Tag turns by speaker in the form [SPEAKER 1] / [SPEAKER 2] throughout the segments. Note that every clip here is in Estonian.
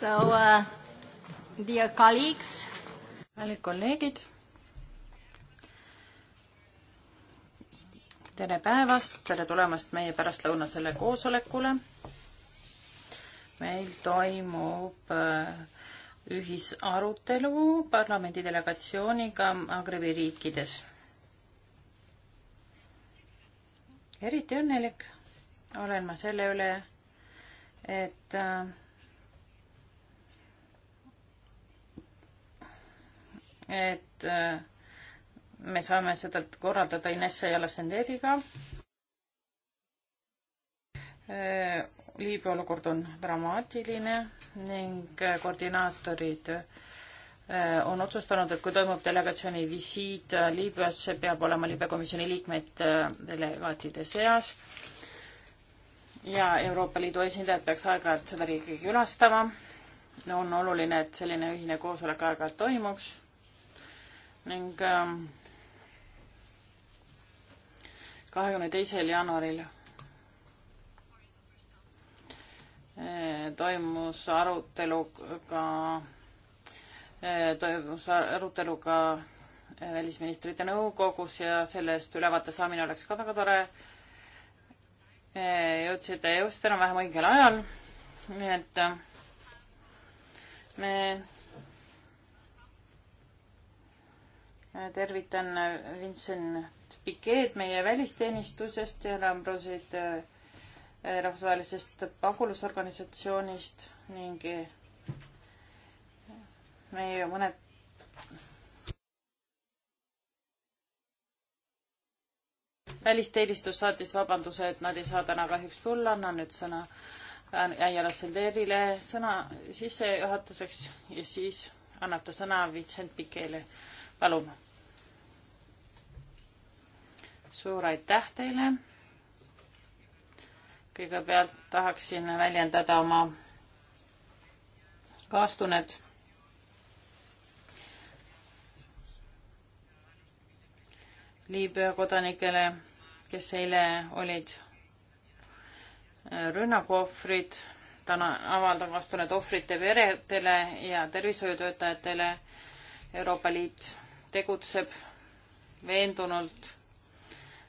[SPEAKER 1] So uh,
[SPEAKER 2] dear colleagues. kallid kolleegid. tere päevast, tere tulemast meie pärastlõunasele koosolekule. meil toimub äh, ühisarutelu parlamendi delegatsiooniga Agrivi riikides. eriti õnnelik olen ma selle üle et äh, et äh, me saame seda korraldada Ines Jalasenderiga. Äh, Liibüa olukord on dramaatiline ning koordinaatorid on otsustanud, et kui toimub delegatsiooni visiit Liibüasse, peab olema liibekomisjoni liikmeid delegaatide seas ja Euroopa Liidu esindajad peaks aeg-ajalt seda riiki külastama. on oluline, et selline ühine koosolek aeg-ajalt toimuks ning ähm, kahekümne teisel jaanuaril äh, toimus arutelu ka, äh, toimus arutelu ka äh, välisministrite nõukogus ja sellest ülevaate saamine oleks ka väga tore Eh, jõudsid just enam-vähem õigel ajal. nii et eh, me eh, tervitan Vincent Piquet meie välisteenistusest ja Lambrosid rahvusvahelisest pagulusorganisatsioonist ning meie mõned välisteenistus saatis vabanduse, et nad ei saa täna kahjuks tulla, annan nüüd sõna Aijala Selderile sõna sissejuhatuseks ja siis annab ta sõna Vincent Pikele. palun. suur aitäh teile. kõigepealt tahaksin väljendada oma kaastunnet Liibüa kodanikele kes eile olid äh, rünnakuohvrid, täna avaldan vastuned ohvrite peredele ja tervishoiutöötajatele. Euroopa Liit tegutseb veendunult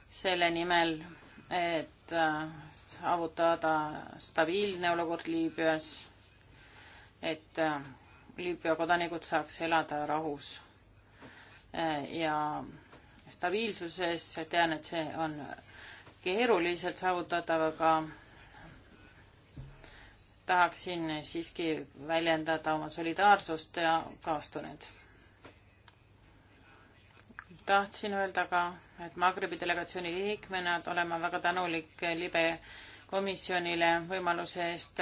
[SPEAKER 2] selle nimel, et äh, saavutada stabiilne olukord Liibüas, et äh, Liibüa kodanikud saaks elada rahus ja stabiilsuses, tean, et see on keeruliselt saavutatav, aga tahaksin siiski väljendada oma solidaarsust ja kaastunnet. tahtsin öelda ka, et Magrebi delegatsiooni liikmena olen ma väga tänulik libe komisjonile võimaluse eest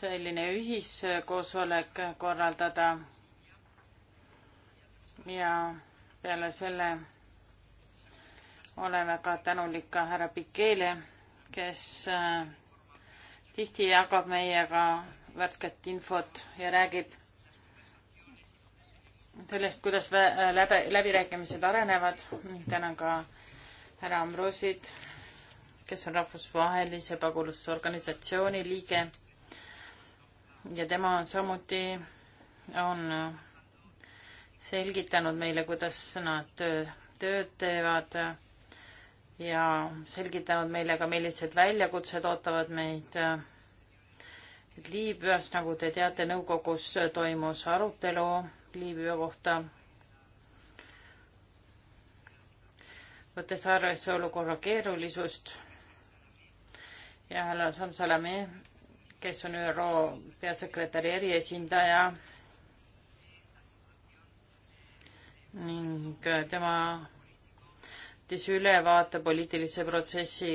[SPEAKER 2] selline ühiskoosolek korraldada ja peale selle olen väga tänulik ka härra Pikele, kes äh, tihti jagab meiega värsket infot ja räägib sellest, kuidas äh, läbi, läbirääkimised arenevad. tänan ka härra Ambrosit, kes on rahvusvahelise pagulusorganisatsiooni liige. ja tema on samuti, on äh, selgitanud meile, kuidas nad tööd teevad ja selgitanud meile ka, millised väljakutsed ootavad meid. Liibüas, nagu te teate, nõukogus toimus arutelu Liibüa kohta. võttes arvesse olukorra keerulisust ja härra Samsalami, kes on ÜRO peasekretäri eriesindaja, ning äh, tema andis ülevaate poliitilise protsessi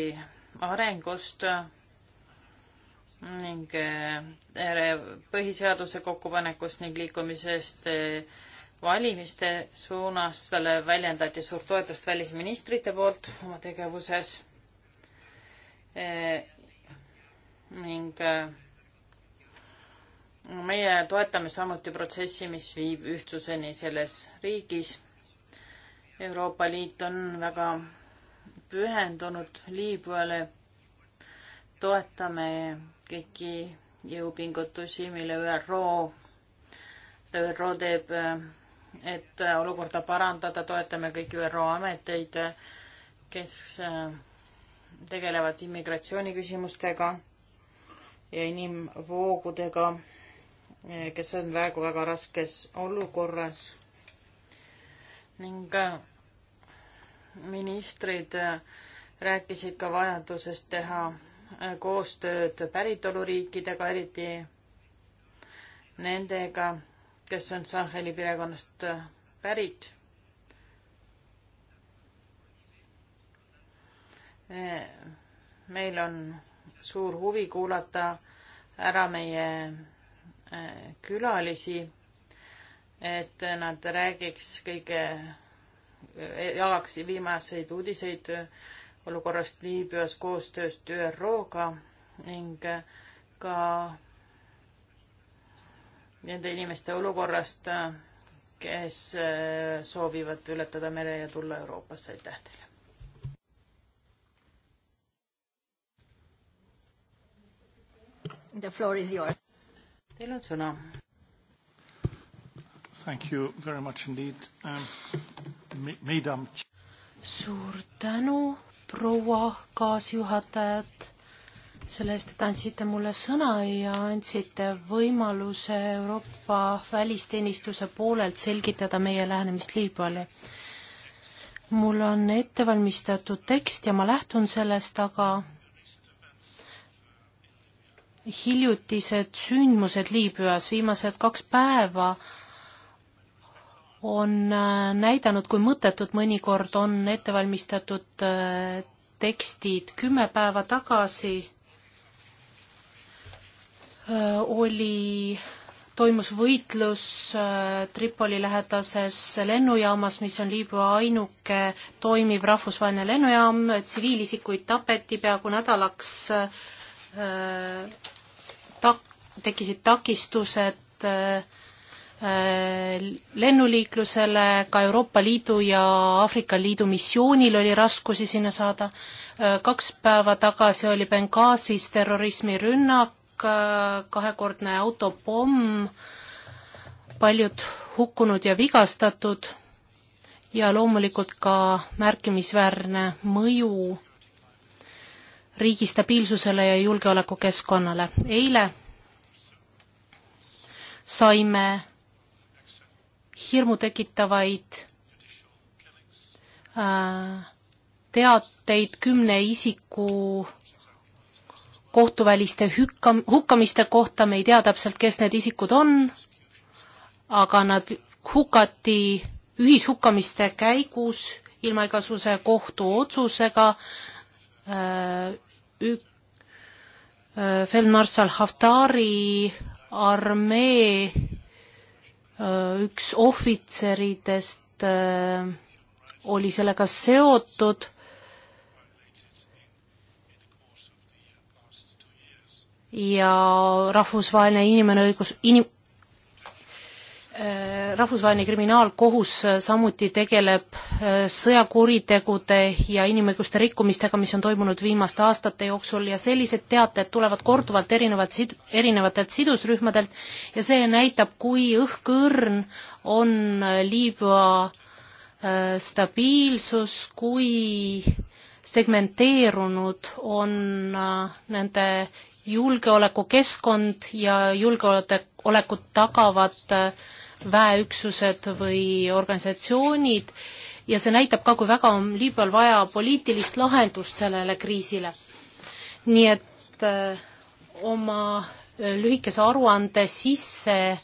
[SPEAKER 2] arengust ning äh, põhiseaduse kokkupanekust ning liikumisest äh, valimiste suunas. talle väljendati suurt toetust välisministrite poolt oma tegevuses ning meie toetame samuti protsessi, mis viib ühtsuseni selles riigis. Euroopa Liit on väga pühendunud Liibüale. toetame kõiki jõupingutusi, mille ÜRO, ÜRO teeb, et olukorda parandada, toetame kõiki ÜRO ameteid, kes äh, tegelevad immigratsiooniküsimustega ja inimvoogudega kes on praegu väga raskes olukorras ning äh, ministrid äh, rääkisid ka vajadusest teha äh, koostööd päritoluriikidega, eriti nendega, kes on Saheli perekonnast pärit. meil on suur huvi kuulata ära meie külalisi, et nad räägiks kõige, jagaks viimaseid uudiseid olukorrast Liibüas koostööst ÜRO-ga ning ka nende inimeste olukorrast, kes soovivad ületada mere ja tulla Euroopasse. aitäh teile! The floor is yours. Teil on sõna.
[SPEAKER 1] Thank you very much indeed um,, madam.
[SPEAKER 3] suur tänu, proua kaasjuhatajad, selle eest, et andsite mulle sõna ja andsite võimaluse Euroopa välisteenistuse poolelt selgitada meie lähenemist Liibüale mul on ette valmistatud tekst ja ma lähtun sellest, aga hiljutised sündmused Liibüas, viimased kaks päeva on äh, näidanud, kui mõttetud mõnikord on ettevalmistatud äh, tekstid. kümme päeva tagasi äh, oli, toimus võitlus Tripoli lähedases lennujaamas, mis on Liibüa ainuke toimiv rahvusvaheline lennujaam, tsiviilisikuid tapeti peaaegu nädalaks Äh, tak-, tekkisid takistused äh, äh, lennuliiklusele, ka Euroopa Liidu ja Aafrika Liidu missioonil oli raskusi sinna saada. kaks päeva tagasi oli Benghazis terrorismirünnak, kahekordne autopomm, paljud hukkunud ja vigastatud ja loomulikult ka märkimisväärne mõju riigi stabiilsusele ja julgeolekukeskkonnale. eile saime hirmutekitavaid äh, teateid kümne isiku kohtuväliste hükka, hukkamiste kohta, me ei tea täpselt, kes need isikud on, aga nad hukati ühishukkamiste käigus ilma igasuguse kohtuotsusega, Äh, ük-, äh, feldmarssal Haftari armee äh, üks ohvitseridest oli sellega seotud ja rahvusvaheline inimene õigus, inim-, Äh, rahvusvaheline kriminaalkohus äh, samuti tegeleb äh, sõjakuritegude ja inimõiguste rikkumistega, mis on toimunud viimaste aastate jooksul ja sellised teated tulevad korduvalt erinevat sid-, erinevatelt sidusrühmadelt ja see näitab, kui õhkõrn on Liibüa stabiilsus, kui segmenteerunud on nende julgeolekukeskkond ja julgeolekut tagavad äh, väeüksused või organisatsioonid ja see näitab ka, kui väga on Liibüal vaja poliitilist lahendust sellele kriisile. nii et öö, äh, oma äh, lühikese aruande sisse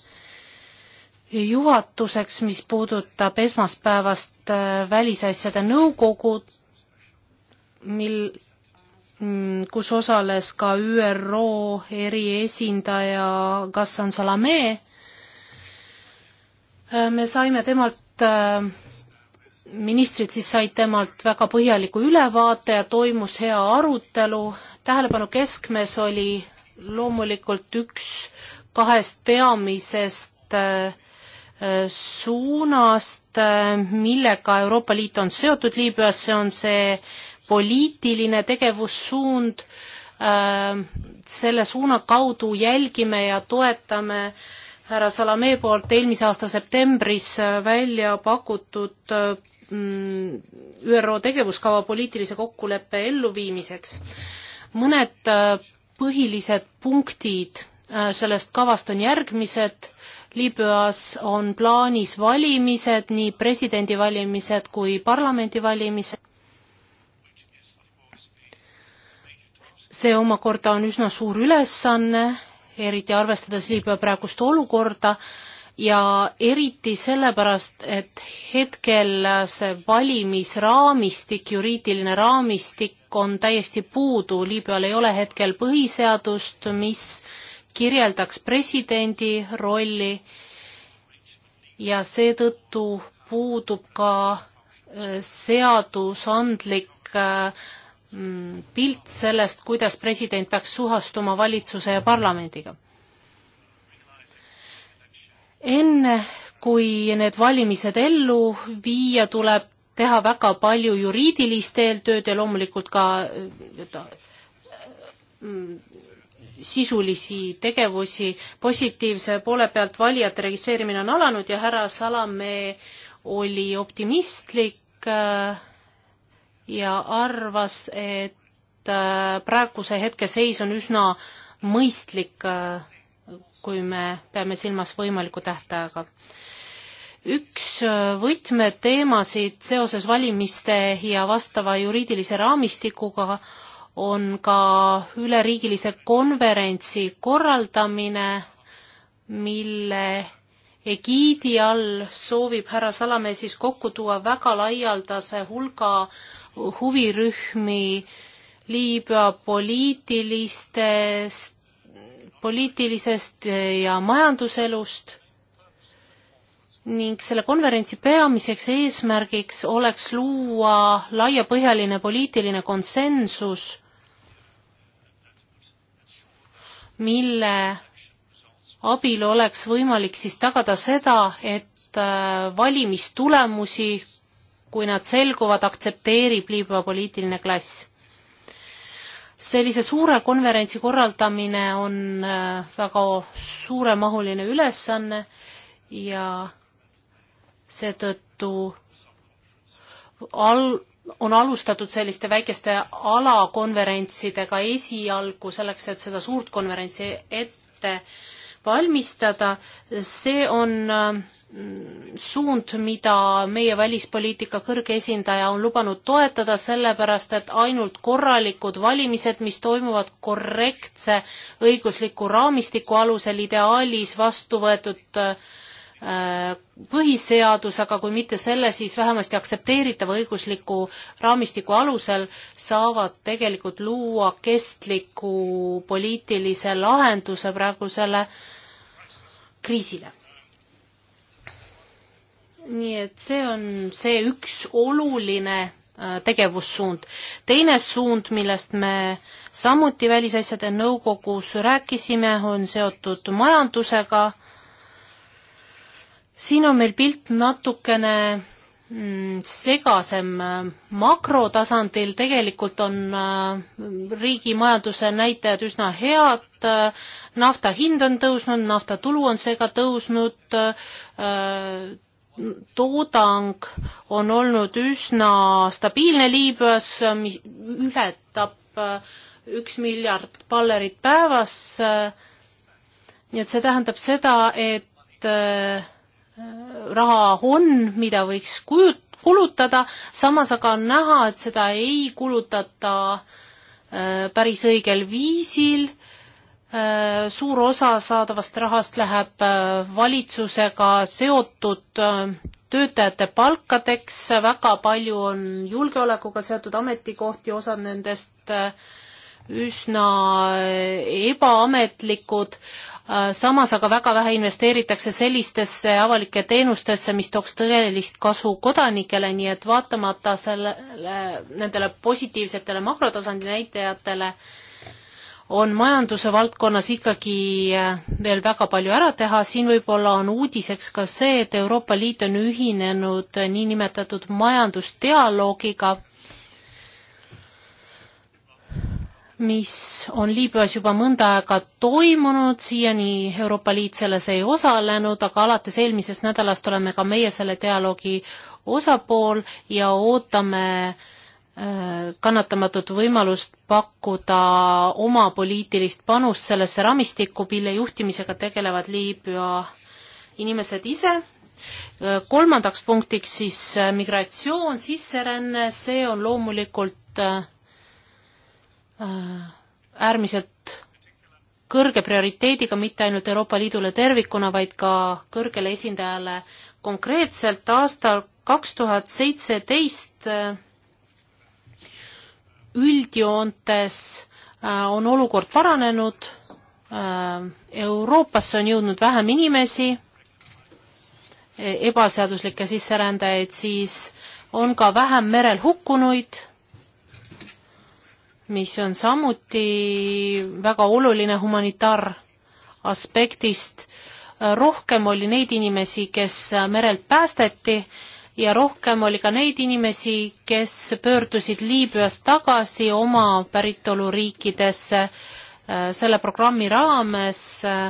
[SPEAKER 3] juhatuseks, mis puudutab esmaspäevast äh, Välisasjade Nõukogu, mil, mm, kus osales ka ÜRO eriesindaja Gassan Salamee Äh, me saime temalt, äh, ministrid siis said temalt väga põhjaliku ülevaate ja toimus hea arutelu. tähelepanu keskmes oli loomulikult üks kahest peamisest äh, suunast, millega Euroopa Liit on seotud Liibüas, see on see poliitiline tegevussuund, selle suuna kaudu jälgime ja toetame äh, härra Salamee poolt eelmise aasta septembris äh, välja pakutud äh, mm, ÜRO tegevuskava poliitilise kokkuleppe elluviimiseks. mõned äh, põhilised punktid sellest kavast on järgmised Liibüas on plaanis valimised, nii presidendivalimised kui parlamendivalimised. see omakorda on üsna suur ülesanne eriti arvestades Liibüa praegust olukorda ja eriti sellepärast, et hetkel see valimisraamistik, juriidiline raamistik on täiesti puudu, Liibüal ei ole hetkel põhiseadust, mis kirjeldaks presidendi rolli ja seetõttu puudub ka äh, seadusandlik äh, Mm, pilt sellest, kuidas president peaks suhastuma valitsuse ja parlamendiga. enne, kui need valimised ellu viia, tuleb teha väga palju juriidilist eeltööd ja loomulikult ka äh, mm, sisulisi tegevusi. positiivse poole pealt valijate registreerimine on alanud ja härra Salamäe oli optimistlik äh, ja arvas, et äh, praeguse hetke seis on üsna mõistlik, äh, kui me peame silmas võimaliku tähtaega. üks äh, võtmeteemasid seoses valimiste ja vastava juriidilise raamistikuga on ka üleriigilise konverentsi korraldamine, mille egiidi all soovib härra Salamäe siis kokku tuua väga laialdase hulga äh, huvirühmi Liibüa poliitilistest, poliitilisest ja majanduselust ning selle konverentsi peamiseks eesmärgiks oleks luua laiapõhjaline poliitiline konsensus, mille abil oleks võimalik siis tagada seda, et äh, valimistulemusi kui nad selguvad, aktsepteerib Liibüa poliitiline klass. sellise suure konverentsi korraldamine on äh, väga suuremahuline ülesanne ja seetõttu al-, on alustatud selliste väikeste alakonverentsidega esialgu selleks, et seda suurt konverentsi ette valmistada, see on äh, suund, mida meie välispoliitika kõrge esindaja on lubanud toetada, sellepärast et ainult korralikud valimised, mis toimuvad korrektse õigusliku raamistiku alusel, ideaalis vastu võetud äh, põhiseadusega, kui mitte selle, siis vähemasti aktsepteeritava õigusliku raamistiku alusel saavad tegelikult luua kestliku poliitilise lahenduse praegusele kriisile nii et see on see üks oluline äh, tegevussuund. teine suund, millest me samuti Välisasjade Nõukogus rääkisime, on seotud majandusega. siin on meil pilt natukene mm, segasem äh, makrotasandil, tegelikult on äh, riigi majanduse näitajad üsna head, nafta hind on tõusnud, nafta tulu on seega tõusnud, toodang on olnud üsna stabiilne Liibüas, mis ületab äh, üks miljard ballerit päevas. Äh, nii et see tähendab seda, et äh, raha on, mida võiks kujut-, kulutada, samas aga on näha, et seda ei kulutata päris õigel viisil Äh, suur osa saadavast rahast läheb äh, valitsusega seotud äh, töötajate palkadeks, väga palju on julgeolekuga seotud ametikohti, osad nendest üsna ebaametlikud, samas aga väga vähe investeeritakse sellistesse avalike teenustesse, mis tooks tõelist kasu kodanikele, nii et vaatamata sellele, nendele positiivsetele makrotasandi näitajatele äh, on majanduse valdkonnas ikkagi äh, veel väga palju ära teha, siin võib-olla on uudiseks ka see, et Euroopa Liit on ühinenud äh, niinimetatud majandusdialoogiga, mis on Liibüas juba mõnda aega toimunud, siiani Euroopa Liit selles ei osalenud, aga alates eelmisest nädalast oleme ka meie selle dialoogi osapool ja ootame äh, kannatamatut võimalust pakkuda oma poliitilist panust sellesse raamistikku, mille juhtimisega tegelevad Liibüa inimesed ise. kolmandaks punktiks siis äh, migratsioon, sisseränne, see on loomulikult äh, äh, äärmiselt kõrge prioriteediga mitte ainult Euroopa Liidule tervikuna, vaid ka kõrgele esindajale konkreetselt aastal kaks tuhat seitseteist üldjoontes äh, on olukord paranenud, äh, Euroopasse on jõudnud vähem inimesi, e, ebaseaduslikke sisserändajaid, siis on ka vähem merel hukkunuid, mis on samuti väga oluline humanitaaraspektist. rohkem oli neid inimesi, kes merelt päästeti ja rohkem oli ka neid inimesi, kes pöördusid Liibüast tagasi oma päritoluriikidesse äh, selle programmi raames, äh,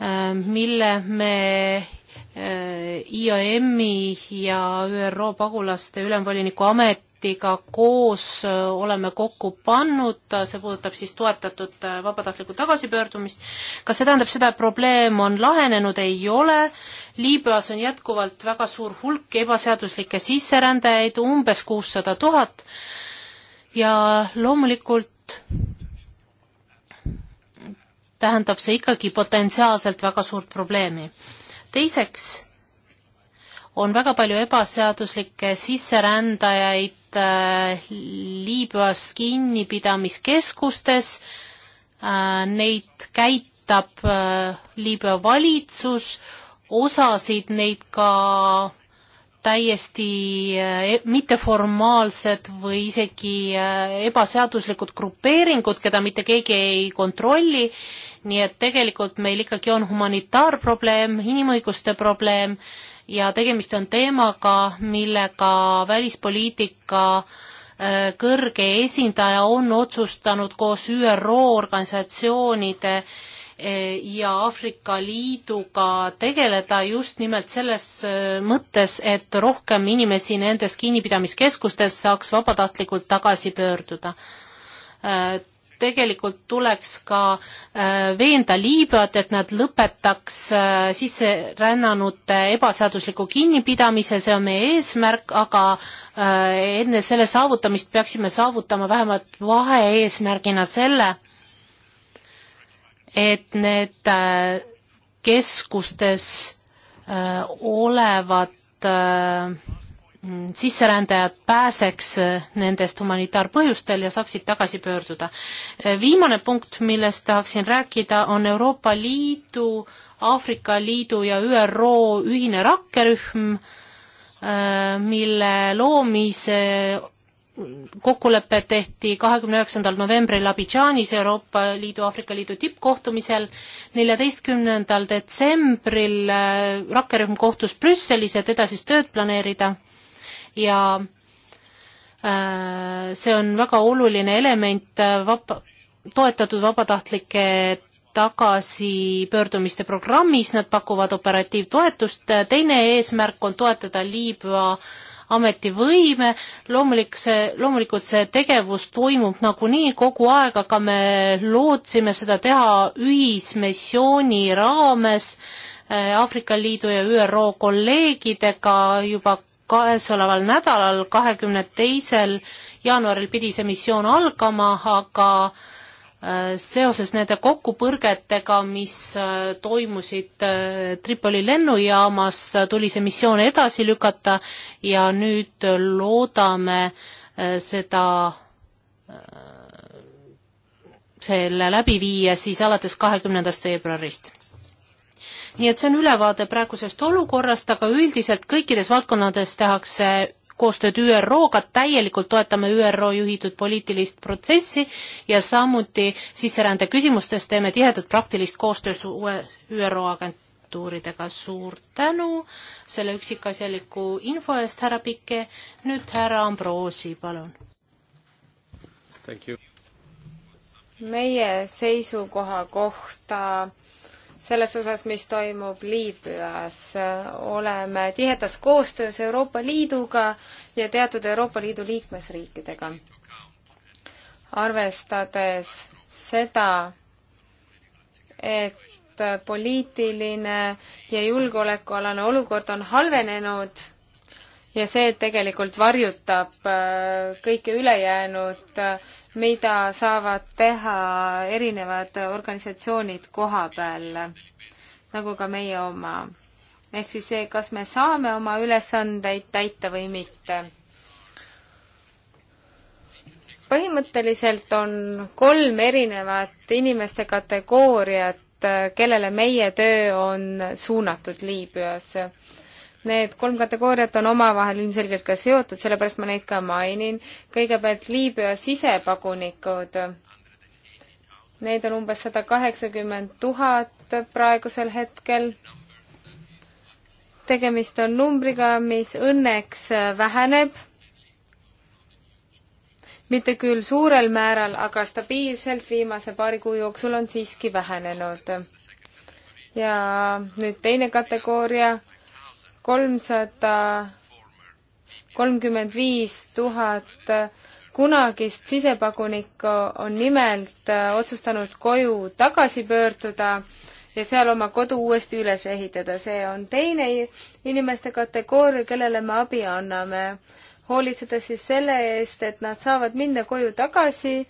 [SPEAKER 3] äh, mille me IOM-i ja ÜRO pagulaste ülemvoliniku amet ametiga koos äh, oleme kokku pannud, see puudutab siis toetatud äh, vabatahtlikku tagasipöördumist. kas see tähendab seda, et probleem on lahenenud, ei ole. Liibüas on jätkuvalt väga suur hulk ebaseaduslikke sisserändajaid, umbes kuussada tuhat ja loomulikult tähendab see ikkagi potentsiaalselt väga suurt probleemi. teiseks on väga palju ebaseaduslikke sisserändajaid Äh, Liibüas kinnipidamiskeskustes, äh, neid käitab äh, Liibüa valitsus, osasid neid ka täiesti e-, mitteformaalsed või isegi ebaseaduslikud grupeeringud, keda mitte keegi ei kontrolli, nii et tegelikult meil ikkagi on humanitaarprobleem, inimõiguste probleem, ja tegemist on teemaga, millega välispoliitika äh, kõrge esindaja on otsustanud koos ÜRO organisatsioonide äh, ja Aafrika Liiduga tegeleda just nimelt selles äh, mõttes, et rohkem inimesi nendes kinnipidamiskeskustes saaks vabatahtlikult tagasi pöörduda tegelikult tuleks ka äh, veenda Liibüat, et nad lõpetaks äh, sisserännanute ebaseadusliku kinnipidamise, see on meie eesmärk, aga äh, enne selle saavutamist peaksime saavutama vähemalt vahe-eesmärgina selle, et need keskustes olevad Mm, sisserändajad pääseks eh, nendest humanitaarpõhjustel ja saaksid tagasi pöörduda. Eh, viimane punkt, millest tahaksin rääkida, on Euroopa Liidu, Aafrika Liidu ja ÜRO ühine rakkerühm, eh, mille loomise kokkulepe tehti kahekümne üheksandal novembril Abidžaanis Euroopa Liidu, Aafrika Liidu tippkohtumisel, neljateistkümnendal detsembril rakkerühm kohtus Brüsselis, et edasist tööd planeerida ja äh, see on väga oluline element äh, vaba, toetatud vabatahtlike tagasipöördumiste programmis, nad pakuvad operatiivtoetust, teine eesmärk on toetada Liibüa ametivõime, loomulik see, loomulikult see tegevus toimub nagunii kogu aeg, aga me lootsime seda teha ühismissiooni raames äh, Aafrika Liidu ja ÜRO kolleegidega juba käesoleval nädalal, kahekümne teisel jaanuaril pidi see missioon algama, aga äh, seoses nende kokkupõrgetega, mis äh, toimusid äh, Tripoli lennujaamas, tuli see missioon edasi lükata ja nüüd loodame seda, selle läbi viia siis alates kahekümnendast veebruarist nii et see on ülevaade praegusest olukorrast, aga üldiselt kõikides valdkonnades tehakse koostööd ÜRO-ga, täielikult toetame ÜRO juhitud poliitilist protsessi ja samuti sisserände küsimustes teeme tihedat praktilist koostööd uue ÜRO agentuuridega. suur tänu selle üksikasjaliku info eest, härra Pike. nüüd härra Ambrosi, palun.
[SPEAKER 1] meie seisukoha kohta selles osas, mis toimub Liibüas. oleme tihedas koostöös Euroopa Liiduga ja teatud Euroopa Liidu liikmesriikidega. arvestades seda, et poliitiline ja julgeolekualane olukord on halvenenud ja see tegelikult varjutab äh, kõike ülejäänut, äh, mida saavad teha erinevad organisatsioonid koha peal, nagu ka meie oma. ehk siis see, kas me saame oma ülesandeid täita või mitte. põhimõtteliselt on kolm erinevat inimeste kategooriat, äh, kellele meie töö on suunatud Liibüas Need kolm kategooriat on omavahel ilmselgelt ka seotud, sellepärast ma neid ka mainin. kõigepealt Liibüa sisepagunikud. Neid on umbes sada kaheksakümmend tuhat praegusel hetkel. tegemist on numbriga, mis õnneks väheneb mitte küll suurel määral, aga stabiilselt viimase paari kuu jooksul on siiski vähenenud. ja nüüd teine kategooria, kolmsada kolmkümmend viis tuhat kunagist sisepagunikku on nimelt äh, otsustanud koju tagasi pöörduda ja seal oma kodu uuesti üles ehitada. see on teine inimeste kategooria, kellele me abi anname, hoolitsedes siis selle eest, et nad saavad minna koju tagasi,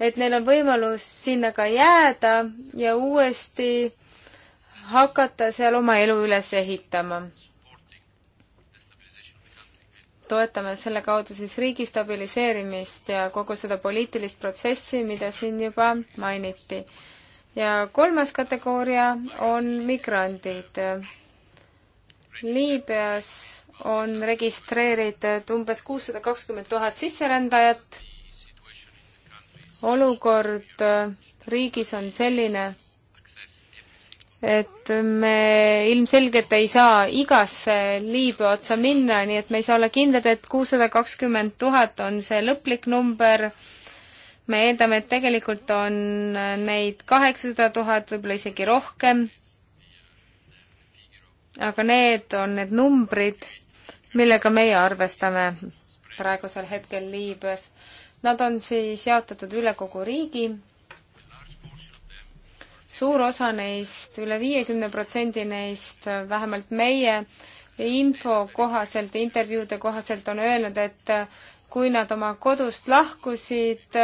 [SPEAKER 1] et neil on võimalus sinna ka jääda ja uuesti hakata seal oma elu üles ehitama toetame selle kaudu siis riigi stabiliseerimist ja kogu seda poliitilist protsessi, mida siin juba mainiti. ja kolmas kategooria on migrandid. Liibüas on registreeritud umbes kuussada kakskümmend tuhat sisserändajat. olukord riigis on selline, et me ilmselgelt ei saa igasse liibe otsa minna, nii et me ei saa olla kindlad, et kuussada kakskümmend tuhat on see lõplik number. me eeldame, et tegelikult on neid kaheksasada tuhat, võib-olla isegi rohkem. aga need on need numbrid, millega meie arvestame praegusel hetkel Liibüas. Nad on siis jaotatud üle kogu riigi suur osa neist üle, üle viiekümne protsendi neist, vähemalt meie info kohaselt, intervjuude kohaselt on öelnud, et kui nad oma kodust lahkusid,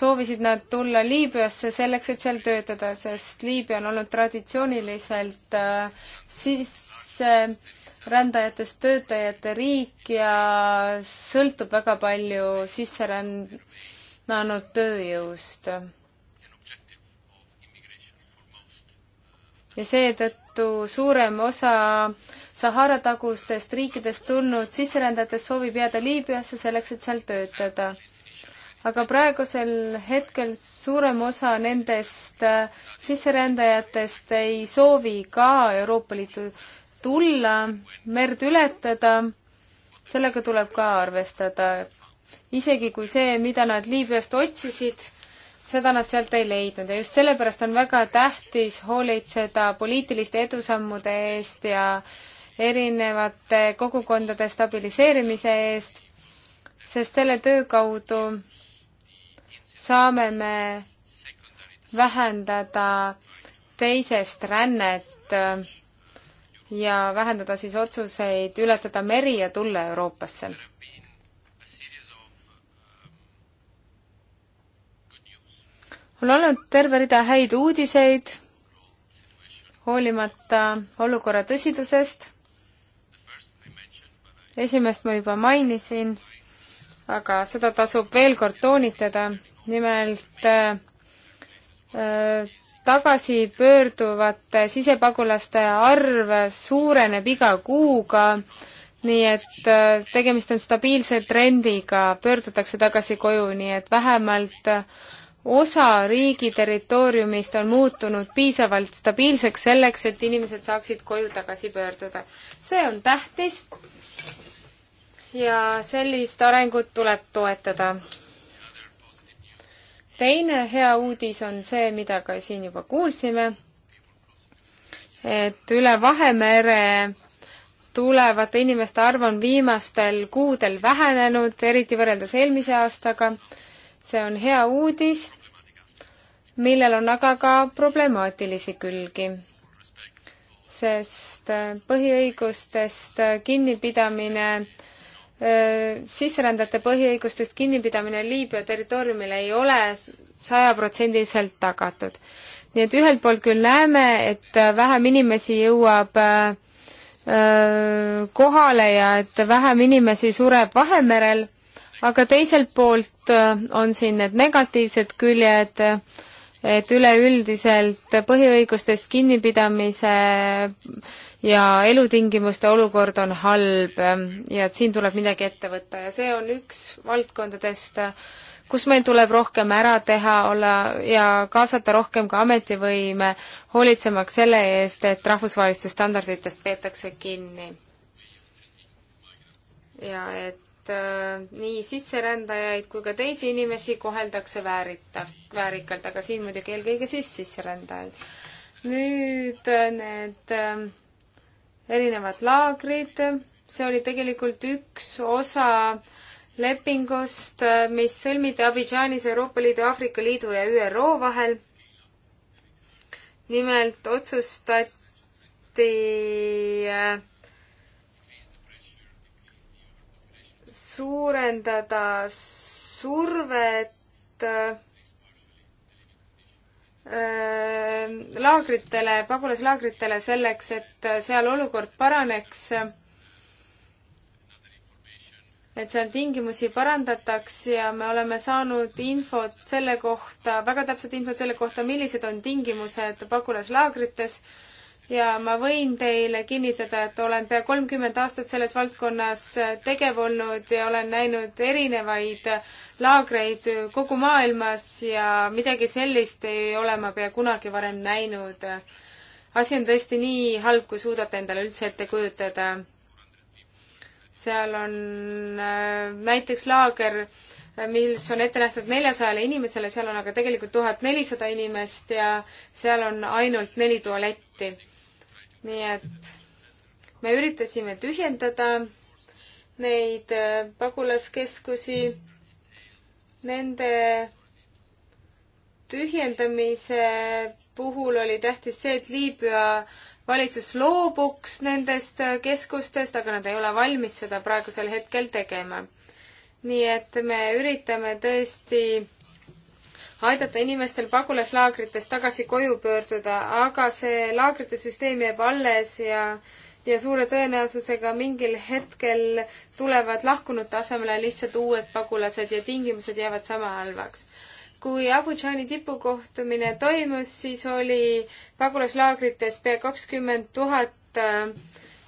[SPEAKER 1] soovisid nad tulla Liibüasse selleks, et seal töötada, sest Liibüa on olnud traditsiooniliselt äh, sisserändajatest töötajate riik ja sõltub väga palju sisserännanud tööjõust ja seetõttu suurem osa Sahara tagustest riikidest tulnud sisserändajatest soovib jääda Liibüasse selleks, et seal töötada. aga praegusel hetkel suurem osa nendest äh, sisserändajatest ei soovi ka Euroopa Liitu tulla, merd ületada, sellega tuleb ka arvestada. isegi kui see, mida nad Liibüast otsisid seda nad sealt ei leidnud ja just sellepärast on väga tähtis hoolitseda poliitiliste edusammude eest ja erinevate kogukondade stabiliseerimise eest, sest selle töö kaudu saame me vähendada teisest rännet ja vähendada siis otsuseid ületada meri ja tulla Euroopasse on olnud terve rida häid uudiseid, hoolimata olukorra tõsidusest. esimest ma juba mainisin, aga seda tasub veel kord toonitada, nimelt äh, tagasipöörduvate sisepagulaste arv suureneb iga kuuga, nii et äh, tegemist on stabiilse trendiga, pöördutakse tagasi koju, nii et vähemalt äh, osa riigi territooriumist on muutunud piisavalt stabiilseks selleks, et inimesed saaksid koju tagasi pöörduda. see on tähtis ja sellist arengut tuleb toetada. teine hea uudis on see, mida ka siin juba kuulsime, et üle Vahemere tulevate inimeste arv on viimastel kuudel vähenenud, eriti võrreldes eelmise aastaga see on hea uudis, millel on aga ka problemaatilisi külgi, sest äh, põhiõigustest äh, kinnipidamine äh, sisserändajate põhiõigustest kinnipidamine Liibüa territooriumil ei ole sajaprotsendiliselt tagatud. nii et ühelt poolt küll näeme, et vähem inimesi jõuab öö, kohale ja et vähem inimesi sureb Vahemerel aga teiselt poolt äh, on siin need negatiivsed küljed, et üleüldiselt põhiõigustest kinnipidamise ja elutingimuste olukord on halb ja et siin tuleb midagi ette võtta ja see on üks valdkondadest, kus meil tuleb rohkem ära teha, olla ja kaasata rohkem ka ametivõime, hoolitsemaks selle eest, et rahvusvahelistest standarditest peetakse kinni. ja et Äh, nii sisserändajaid kui ka teisi inimesi koheldakse väärita, väärikalt, aga siin muidugi eelkõige siis sisserändajaid. nüüd äh, need äh, erinevad laagrid, see oli tegelikult üks osa lepingust, mis sõlmiti Abidžaanis Euroopa Liidu, Aafrika Liidu ja ÜRO vahel. nimelt otsustati suurendada survet äh, laagritele, pagulaslaagritele selleks, et seal olukord paraneks, et seal tingimusi parandataks ja me oleme saanud infot selle kohta, väga täpset infot selle kohta, millised on tingimused pagulaslaagrites äh, ja ma võin teile kinnitada, et olen pea kolmkümmend aastat selles valdkonnas tegev olnud ja olen näinud erinevaid laagreid kogu maailmas ja midagi sellist ei ole ma pea kunagi varem näinud. asi on tõesti nii halb, kui suudate endale üldse ette kujutada. seal on äh, näiteks laager, mis on ette nähtud neljasajale inimesele, seal on aga tegelikult tuhat nelisada inimest ja seal on ainult neli tualetti nii et me üritasime tühjendada neid äh, pagulaskeskusi, nende tühjendamise puhul oli tähtis see, et Liibüa valitsus loobuks nendest äh, keskustest, aga nad ei ole valmis seda praegusel hetkel tegema. nii et me üritame tõesti aidata inimestel pagulaslaagrites tagasi koju pöörduda, aga see laagrite süsteem jääb alles ja ja suure tõenäosusega mingil hetkel tulevad lahkunute asemele lihtsalt uued pagulased ja tingimused jäävad sama halvaks. kui Abudžaani tipukohtumine toimus, siis oli pagulaslaagrites pea kakskümmend tuhat äh,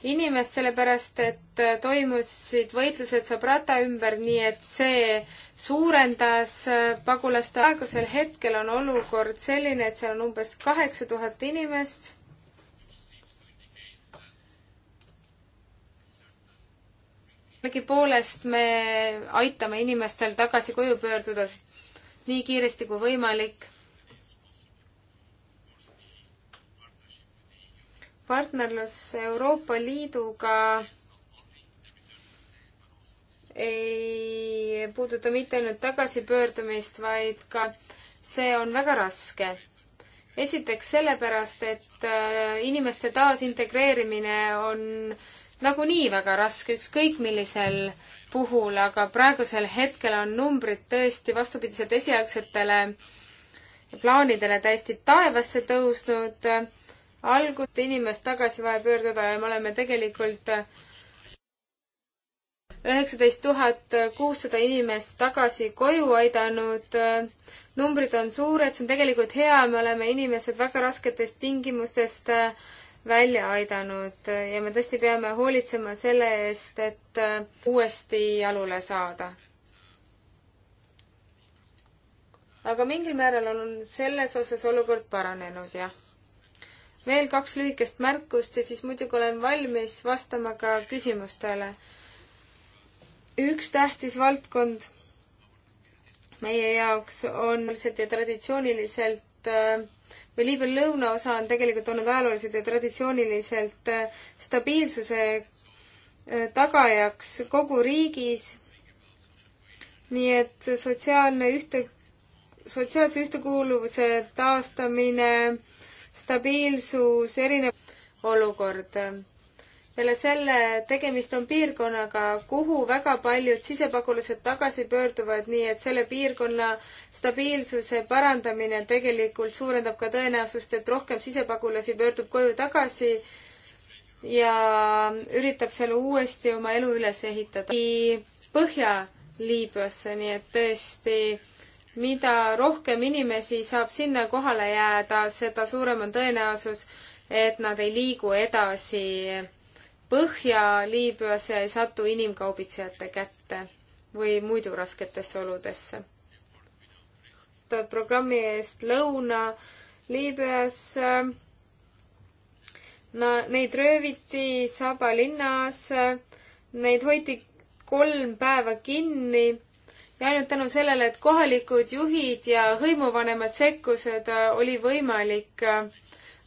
[SPEAKER 1] inimest, sellepärast et äh, toimusid võitlused Sabrata ümber, nii et see suurendas äh, pagulaste. praegusel hetkel on olukord selline, et seal on umbes kaheksa tuhat inimest. sellegipoolest me aitame inimestel tagasi koju pöörduda nii kiiresti kui võimalik partnerlus Euroopa Liiduga ei puuduta mitte ainult tagasipöördumist, vaid ka see on väga raske. esiteks sellepärast, et äh, inimeste taasintegreerimine on nagunii väga raske, ükskõik millisel puhul, aga praegusel hetkel on numbrid tõesti vastupidiselt esialgsetele plaanidele täiesti taevasse tõusnud algust inimest tagasi vaja pöörduda ja me oleme tegelikult üheksateist tuhat kuussada inimest tagasi koju aidanud. numbrid on suured, see on tegelikult hea, me oleme inimesed väga rasketest tingimustest välja aidanud ja me tõesti peame hoolitsema selle eest, et uuesti jalule saada. aga mingil määral on selles osas olukord paranenud, jah veel kaks lühikest märkust ja siis muidugi olen valmis vastama ka küsimustele. üks tähtis valdkond meie jaoks on lihtsalt ja traditsiooniliselt äh, või Liibüa lõunaosa on tegelikult olnud ajalooliselt ja traditsiooniliselt äh, stabiilsuse äh, tagajaks kogu riigis. nii et sotsiaalne ühte, sotsiaalse ühtekuuluvuse taastamine, stabiilsus, erinev olukord. peale selle tegemist on piirkonnaga, kuhu väga paljud sisepagulased tagasi pöörduvad, nii et selle piirkonna stabiilsuse parandamine tegelikult suurendab ka tõenäosust, et rohkem sisepagulasi pöördub koju tagasi ja üritab seal uuesti oma elu üles ehitada. Põhja-Liibüasse, nii et tõesti mida rohkem inimesi saab sinna kohale jääda, seda suurem on tõenäosus, et nad ei liigu edasi Põhja-Liibüas ja ei satu inimkaubitsejate kätte või muidu rasketesse oludesse. programmi eest Lõuna-Liibüas no, neid rööviti Saba linnas, neid hoiti kolm päeva kinni ja ainult tänu sellele, et kohalikud juhid ja hõimuvanemad sekkused äh, oli võimalik äh,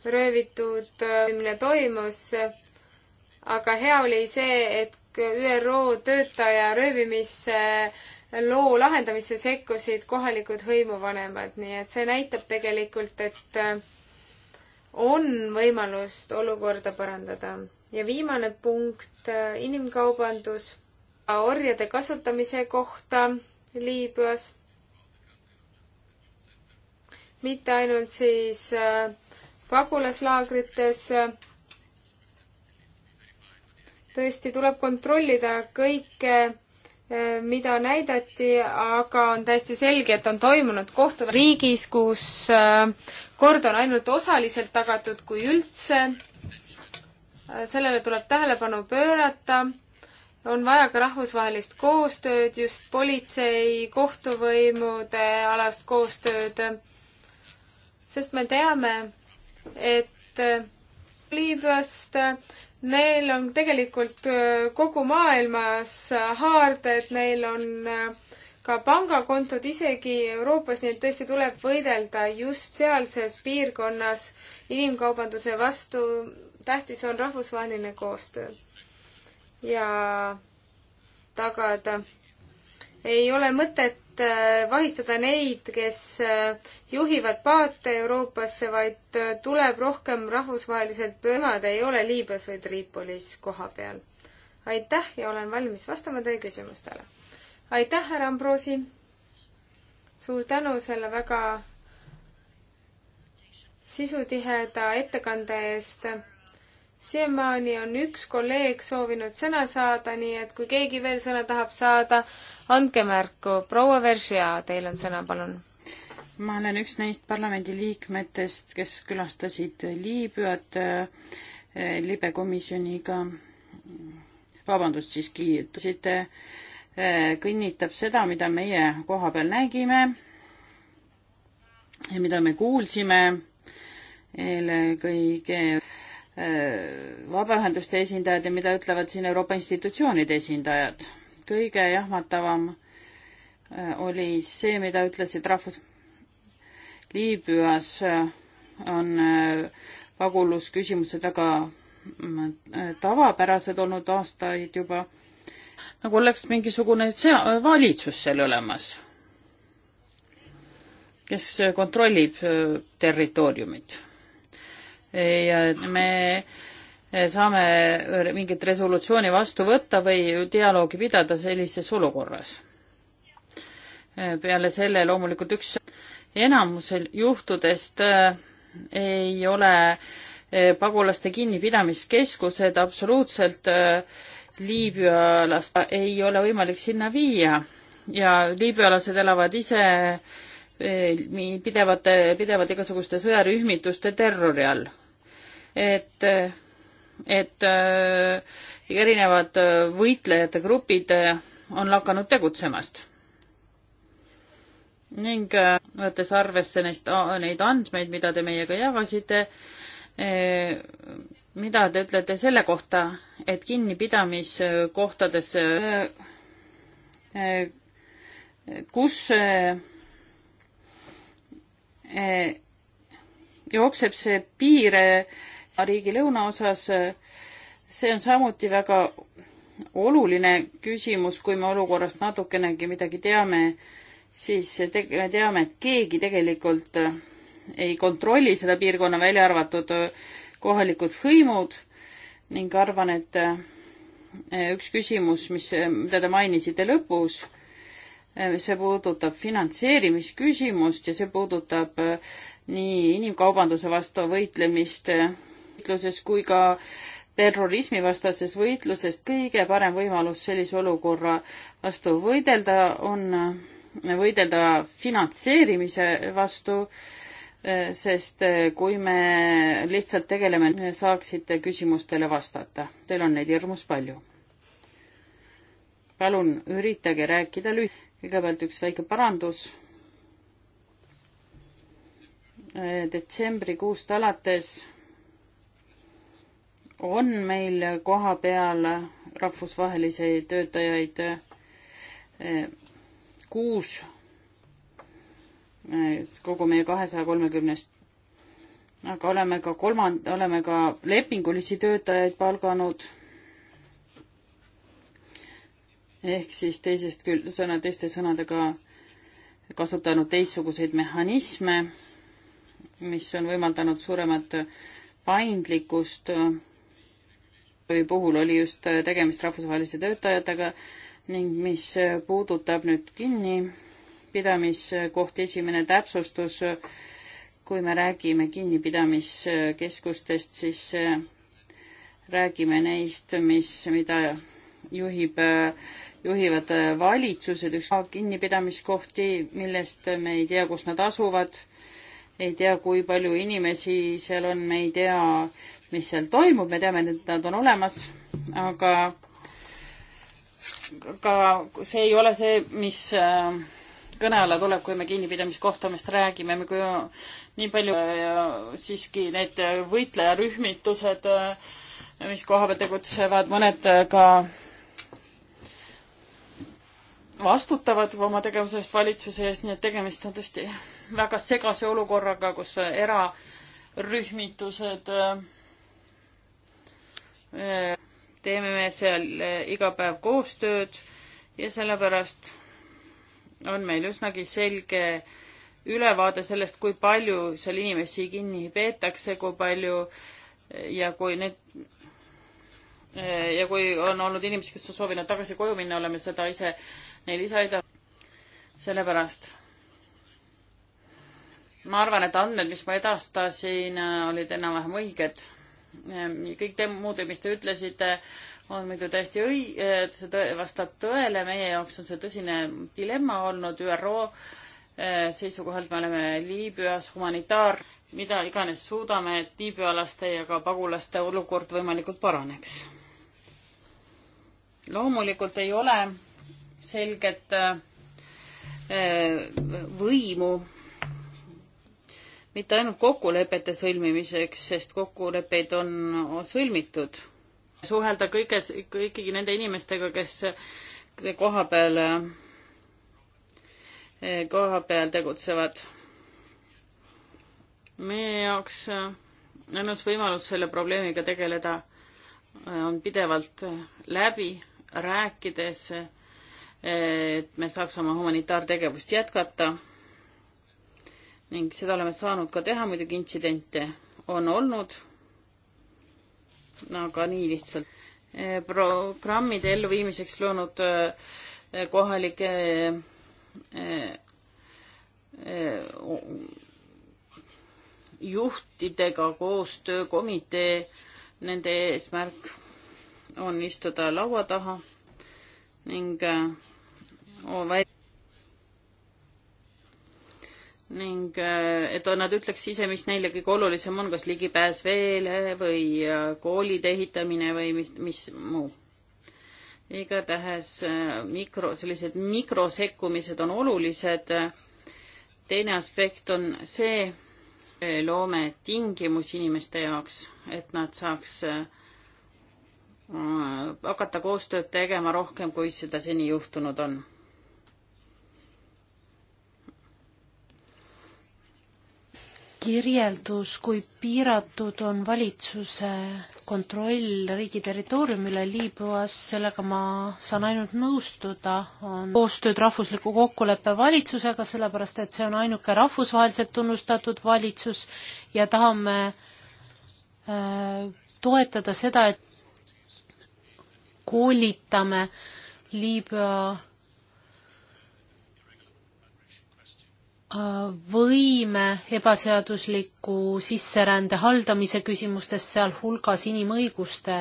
[SPEAKER 1] röövitud äh, röövimine toimus. aga hea oli see, et ÜRO töötaja röövimisse loo lahendamisse sekkusid kohalikud hõimuvanemad, nii et see näitab tegelikult, et on võimalust olukorda parandada. ja viimane punkt, inimkaubandus orjade kasutamise kohta Liibüas. mitte ainult siis äh, pagulaslaagrites. tõesti tuleb kontrollida kõike äh, mida näidati, aga on täiesti selge, et on toimunud kohtu riigis, kus äh, kord on ainult osaliselt tagatud, kui üldse. sellele tuleb tähelepanu pöörata on vaja ka rahvusvahelist koostööd, just politsei, kohtuvõimude alast koostööd, sest me teame, et Liibüast neil on tegelikult kogu maailmas haarded, neil on ka pangakontod isegi Euroopas, nii et tõesti tuleb võidelda just sealses piirkonnas inimkaubanduse vastu. tähtis on rahvusvaheline koostöö ja tagada. ei ole mõtet äh, vahistada neid, kes äh, juhivad paate Euroopasse, vaid äh, tuleb rohkem rahvusvaheliselt pühad, ei ole Liibüas või Tripolis koha peal. aitäh ja olen valmis vastama teie küsimustele. aitäh, härra Ambrosi! suur tänu selle väga sisutiheda ettekande eest siiamaani on üks kolleeg soovinud sõna saada, nii et kui keegi veel sõna tahab saada, andke märku. proua Veržia, teil on sõna, palun. ma olen
[SPEAKER 2] üks neist parlamendiliikmetest, kes külastasid Liibüat äh, eh, libekomisjoniga, vabandust, siiski ütlesite äh,, eh, kinnitab seda, mida meie koha peal nägime ja mida me kuulsime eelkõige äh, Äh, vabaühenduste esindajad ja mida ütlevad siin Euroopa institutsioonide esindajad. kõige jahmatavam äh, oli see, mida ütlesid rahvus-, Liibüas äh, on pagulusküsimused väga mm, tavapärased olnud aastaid juba, nagu oleks mingisugune sea-, valitsus seal olemas, kes kontrollib territooriumit me saame mingit resolutsiooni vastu võtta või dialoogi pidada sellises olukorras. peale selle loomulikult üks enamusel juhtudest äh, ei ole äh, pagulaste kinnipidamiskeskused absoluutselt äh, liibüalast ei ole võimalik sinna viia ja liibüalased elavad ise pidevate, pidevalt igasuguste sõjarühmituste terrori all et, et äh, erinevad äh, võitlejate grupid äh, on lakanud tegutsemast. ning võttes arvesse neist, neid andmeid, mida te meiega jagasite, mida te ütlete selle kohta, et kinnipidamiskohtades, kus jookseb see piir riigi lõunaosas. see on samuti väga oluline küsimus, kui me olukorrast natukenegi midagi teame, siis te me teame, et keegi tegelikult ei kontrolli seda piirkonna, välja arvatud kohalikud hõimud ning arvan, et e, üks küsimus, mis, mida te mainisite lõpus, e, see puudutab finantseerimisküsimust ja see puudutab e, nii inimkaubanduse vastu võitlemist võitluses kui ka terrorismivastases võitluses kõige parem võimalus sellise olukorra vastu võidelda on võidelda finantseerimise vastu, sest kui me lihtsalt tegeleme, saaksite küsimustele vastata. Teil on neid hirmus palju. palun üritage rääkida lühidalt. kõigepealt üks väike parandus. detsembrikuust alates on meil koha peal rahvusvahelisi töötajaid eh, kuus eh, kogu meie kahesaja kolmekümnest. aga oleme ka kolmand-, oleme ka lepingulisi töötajaid palganud. ehk siis teisest küll-, sõna, teiste sõnadega kasutanud teistsuguseid mehhanisme, mis on võimaldanud suuremat paindlikkust puhul oli just tegemist rahvusvaheliste töötajatega ning mis puudutab nüüd kinnipidamiskohti, esimene täpsustus, kui me räägime kinnipidamiskeskustest, siis eh, räägime neist, mis, mida juhib, eh, juhivad valitsused, üks kinnipidamiskohti, millest me ei tea, kus nad asuvad ei tea, kui palju inimesi seal on, me ei tea, mis seal toimub, me teame, et nad on olemas, aga aga see ei ole see, mis äh, kõne alla tuleb, kui me kinnipidamiskohtumist räägime, me kui nii palju äh, siiski need võitlejarühmitused, äh, mis koha peal tegutsevad, mõned ka vastutavad oma tegevuse eest valitsuse ees, nii et tegemist on tõesti väga segase olukorraga, kus erarühmitused äh, teeme me seal äh, iga päev koostööd ja sellepärast on meil üsnagi selge ülevaade sellest, kui palju seal inimesi kinni peetakse, kui palju äh, ja kui need ja kui on olnud inimesi, kes on soovinud tagasi koju minna, oleme seda ise äh, neil ise aidata. sellepärast ma arvan, et andmed, mis ma edastasin, olid enam-vähem õiged. kõik te muud, mis te ütlesite, on muidu täiesti õi-, see tõe, vastab tõele, meie jaoks on see tõsine dilemma olnud ÜRO eh, seisukohalt me oleme Liibüas humanitaar, mida iganes suudame, et liibüalaste ja ka pagulaste olukord võimalikult paraneks. loomulikult ei ole selget äh, võimu mitte ainult kokkulepete sõlmimiseks, sest kokkuleppeid on sõlmitud, suhelda kõiges, kõikigi nende inimestega, kes koha peal, äh, koha peal tegutsevad. meie jaoks äh, ainus võimalus selle probleemiga tegeleda on pidevalt läbi rääkides et me saaks oma humanitaartegevust jätkata. ning seda oleme saanud ka teha, muidugi intsidente on olnud. aga nii lihtsalt. programmide elluviimiseks loonud eh, kohalike eh, juhtidega koostöökomitee, nende eesmärk on istuda laua taha ning äh, ning äh, et nad ütleks ise, mis neile kõige olulisem on, kas ligipääs veele või äh, koolide ehitamine või mis, mis muu. igatahes äh, mikro, sellised mikrosekkumised on olulised. teine aspekt on see, loome tingimusi inimeste jaoks, et nad saaks hakata koostööd tegema rohkem, kui seda seni juhtunud on
[SPEAKER 3] kirjeldus, kui piiratud on valitsuse kontroll riigi territooriumile Liibüas, sellega ma saan ainult nõustuda, on koostööd rahvusliku kokkuleppe valitsusega, sellepärast et see on ainuke rahvusvaheliselt tunnustatud valitsus ja tahame äh, toetada seda, et koolitame Liibüa võime ebaseadusliku sisserände haldamise küsimustes, sealhulgas inimõiguste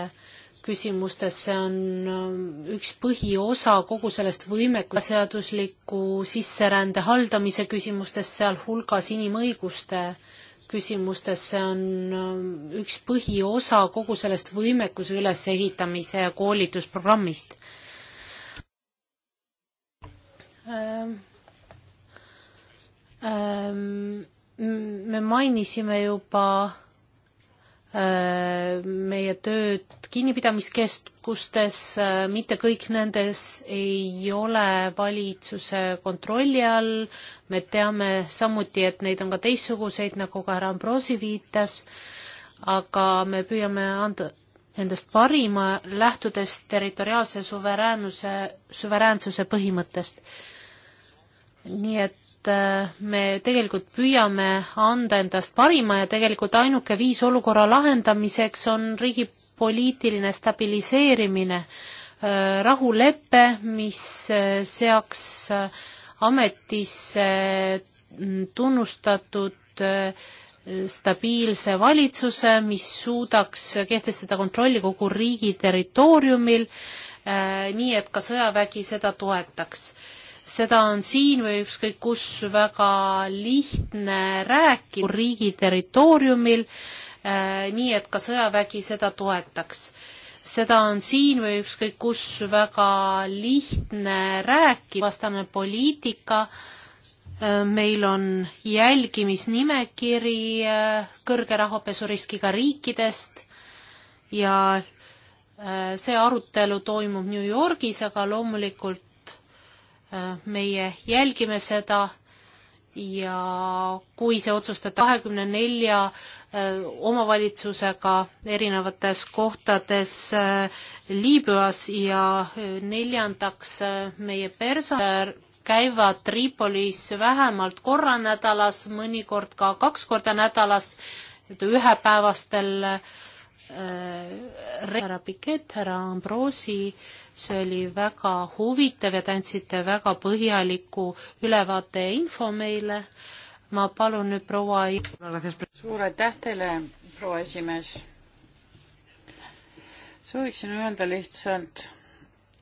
[SPEAKER 3] küsimustes, see on ähm, üks põhiosa kogu sellest võimeku- seadusliku sisserände haldamise küsimustes, sealhulgas inimõiguste küsimustes, see on ähm, üks põhiosa kogu sellest võimekuse ülesehitamise ja koolitusprogrammist ähm Ähm, me mainisime juba äh, meie tööd kinnipidamiskeskustes, äh, mitte kõik nendes ei ole valitsuse kontrolli all, me teame samuti, et neid on ka teistsuguseid, nagu ka härra Ambrosi viitas, aga me püüame anda endast parima, lähtudes territoriaalse suveräännuse, suveräänsuse põhimõttest. nii et Äh, me tegelikult püüame anda endast parima ja tegelikult ainuke viis olukorra lahendamiseks on riigi poliitiline stabiliseerimine, äh, rahulepe, mis äh, seaks ametisse mm, tunnustatud stabiilse valitsuse, mis suudaks kehtestada kontrolli kogu riigi territooriumil, nii et ka sõjavägi seda toetaks seda on siin või ükskõik kus väga lihtne rääkida riigi territooriumil äh,, nii et ka sõjavägi seda toetaks. seda on siin või ükskõik kus väga lihtne rääkida, vastane poliitika äh,, meil on jälgimisnimekiri äh, kõrge rahapesuriskiga riikidest ja äh, see arutelu toimub New Yorgis, aga loomulikult Äh, meie jälgime seda ja kui see otsustada kahekümne nelja äh, omavalitsusega erinevates kohtades äh, Liibüas ja neljandaks meie personal käivad Tripolis vähemalt korra nädalas, mõnikord ka kaks korda nädalas ühepäevastel Äh, härra Pikett, härra Ambrosi, see oli väga huvitav ja te andsite väga põhjaliku ülevaate ja info meile. ma palun nüüd proua
[SPEAKER 2] suur aitäh teile, proua esimees. sooviksin öelda lihtsalt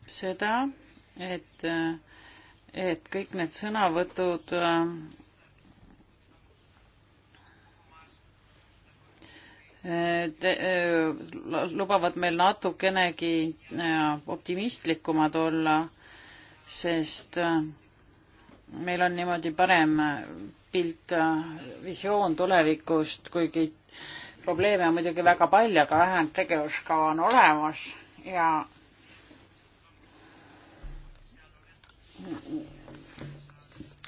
[SPEAKER 2] seda, et, et kõik need sõnavõtud äh, te, äh, lubavad meil natukenegi äh, optimistlikumad olla, sest äh, meil on niimoodi parem pilt, visioon tulevikust, kuigi probleeme on muidugi väga palju, aga vähemalt tegevuskava on olemas ja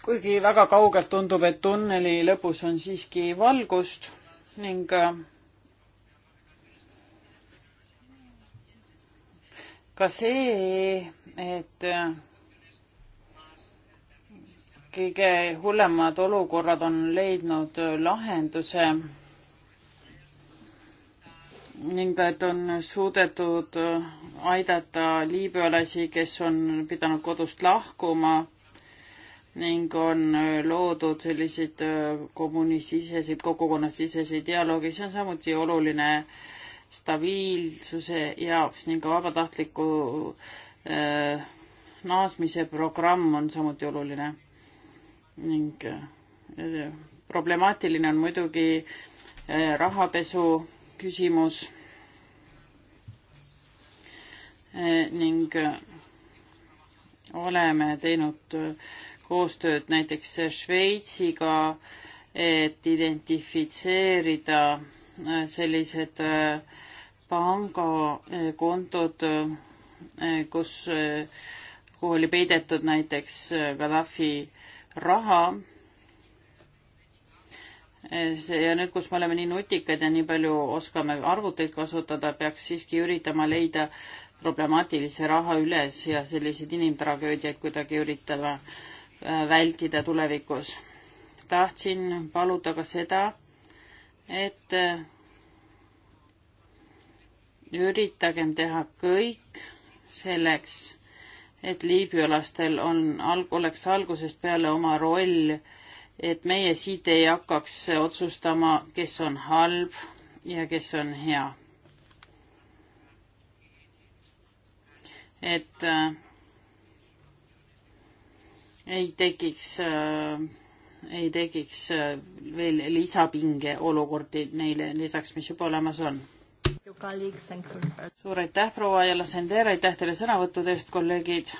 [SPEAKER 2] kuigi väga kaugelt tundub, et tunneli lõpus on siiski valgust ning ka see, et äh, kõige hullemad olukorrad on leidnud lahenduse ning et on suudetud äh, aidata liibüalasi, kes on pidanud kodust lahkuma ning on äh, loodud selliseid kommunisiseseid, kogukonnasiseseid dialoogi, see on samuti oluline äh, stabiilsuse jaoks ning ka vabatahtliku äh, naasmise programm on samuti oluline. ning äh, problemaatiline on muidugi äh, rahapesu küsimus äh, ning äh, oleme teinud äh, koostööd näiteks Šveitsiga, et identifitseerida sellised äh, pangakontod, äh, äh, kus, kuhu oli peidetud näiteks Gaddafi raha. see ja nüüd, kus me oleme nii nutikad ja nii palju oskame arvuteid kasutada, peaks siiski üritama leida problemaatilise raha üles ja selliseid inimtragöödiaid kuidagi üritama vältida tulevikus. tahtsin paluda ka seda, et äh, üritagem teha kõik selleks, et liibüalastel on, oleks algusest peale oma roll, et meie siit ei hakkaks otsustama, kes on halb ja kes on hea. et äh, ei tekiks äh, ei tekiks äh, veel lisapinge olukordi neile lisaks, mis juba olemas on. suur aitäh, proua Jalla Sender, aitäh teile sõnavõttude eest, kolleegid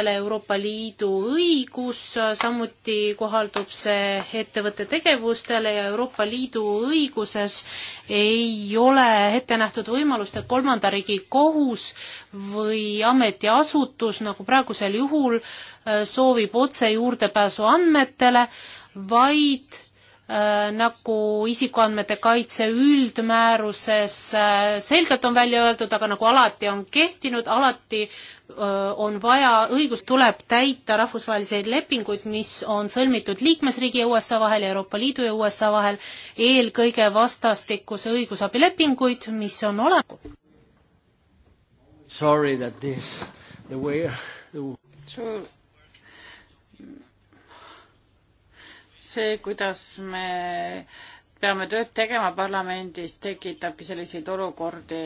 [SPEAKER 2] Euroopa
[SPEAKER 3] Liidu õigus, samuti kohaldub see ettevõtte tegevustele ja Euroopa Liidu õiguses ei ole ette nähtud võimalust, et kolmanda riigi kohus või ametiasutus, nagu praegusel juhul, soovib otse juurdepääsu andmetele, vaid Äh, nagu isikuandmete kaitse üldmääruses äh, selgelt on välja öeldud, aga nagu alati on kehtinud, alati äh, on vaja, õigus tuleb täita rahvusvaheliseid lepinguid, mis on sõlmitud liikmesriigi ja USA vahel ja Euroopa Liidu ja USA vahel, eelkõige vastastikuse õigusabilepinguid, mis on olemas.
[SPEAKER 1] Sorry that this, the way the...
[SPEAKER 2] suur see, kuidas me peame tööd tegema parlamendis, tekitabki selliseid olukordi.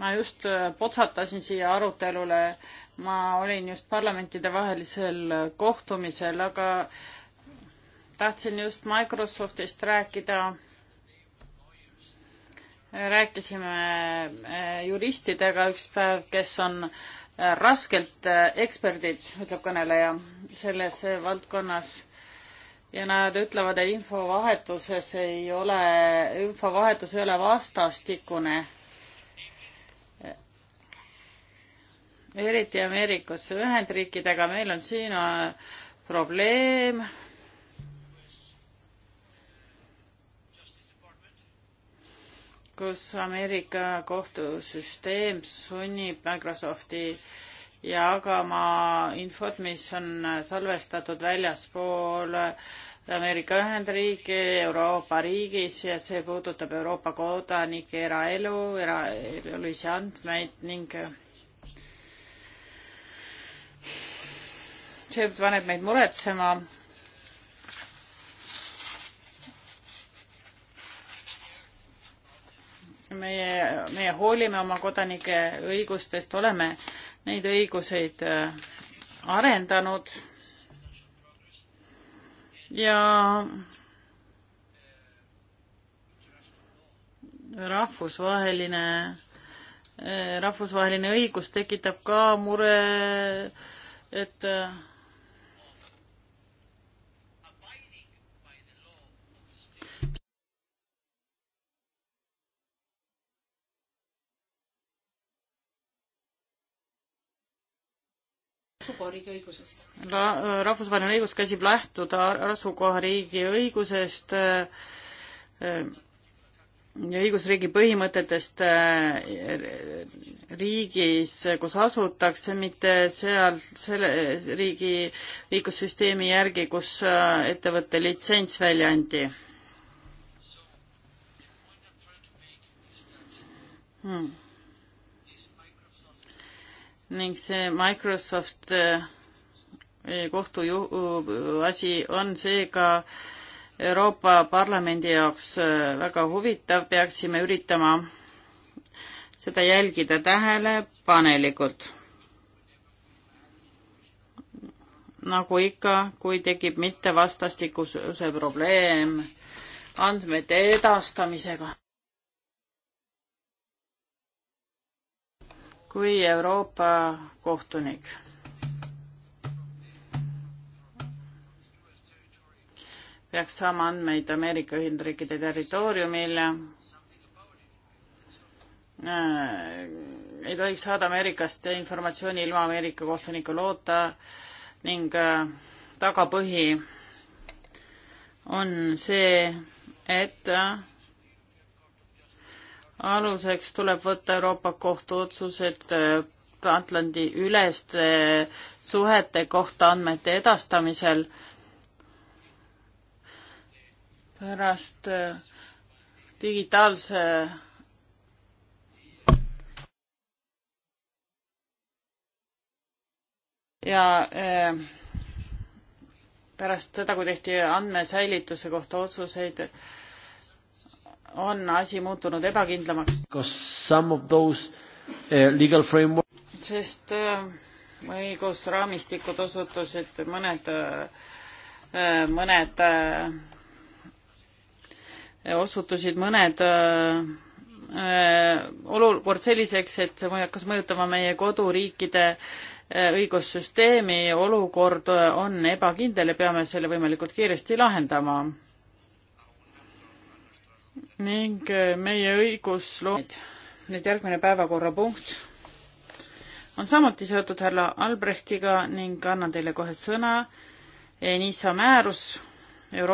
[SPEAKER 2] ma just äh, potsatasin siia arutelule, ma olin just parlamentidevahelisel kohtumisel, aga tahtsin just Microsoftist rääkida. rääkisime äh, juristidega üks päev, kes on äh, raskelt äh, eksperdid, ütleb kõneleja, selles valdkonnas ja nad ütlevad, et infovahetuses ei ole, infovahetus ei ole vastastikune. eriti Ameerikas Ühendriikidega, meil on siin äh, probleem kus Ameerika kohtusüsteem sunnib Microsofti jagama infot, mis on salvestatud väljaspool Ameerika Ühendriigi, Euroopa riigis ja see puudutab Euroopa kodanike eraelu, eraelulisi andmeid ning see paneb meid muretsema meie, meie hoolime oma kodanike õigustest, oleme neid õiguseid äh, arendanud ja rahvusvaheline, äh, rahvusvaheline õigus tekitab ka mure, et äh,
[SPEAKER 3] asukohariigi õigusest
[SPEAKER 2] Ra? rahvusvaheline õigus käsib lähtuda asukohariigi õigusest äh, äh, ja õigusriigi põhimõtetest äh, riigis, kus asutakse, mitte seal selle riigi õigussüsteemi järgi, kus ettevõtte litsents välja anti hmm ning see Microsoft eh, kohtu asi on seega Euroopa Parlamendi jaoks eh, väga huvitav, peaksime üritama seda jälgida tähelepanelikult. nagu ikka, kui tekib mittevastastikuse probleem andmete edastamisega. kui Euroopa kohtunik. peaks saama andmeid Ameerika Ühendriikide territooriumil. Äh, ei tohiks saada Ameerikast informatsiooni ilma Ameerika kohtuniku loota ning äh, tagapõhi on see, et äh, aluseks tuleb võtta Euroopa Kohtu otsused äh, Atlandi üleste äh, suhete kohta andmete edastamisel. pärast äh, digitaalse ja pärast seda, kui tehti andmesäilituse kohta otsuseid, on asi muutunud ebakindlamaks.
[SPEAKER 1] Eh, framework...
[SPEAKER 2] sest eh, õigusraamistikud osutusid mõned, eh, mõned, osutusid mõned olukord selliseks, et see hakkas mõjutama meie koduriikide õigussüsteemi, olukord on ebakindel ja peame selle võimalikult kiiresti lahendama ning eh, meie õigusloomed. nüüd järgmine päevakorrapunkt on samuti seotud härra Albrechtiga ning annan teile kohe sõna. Enisa eh, määrus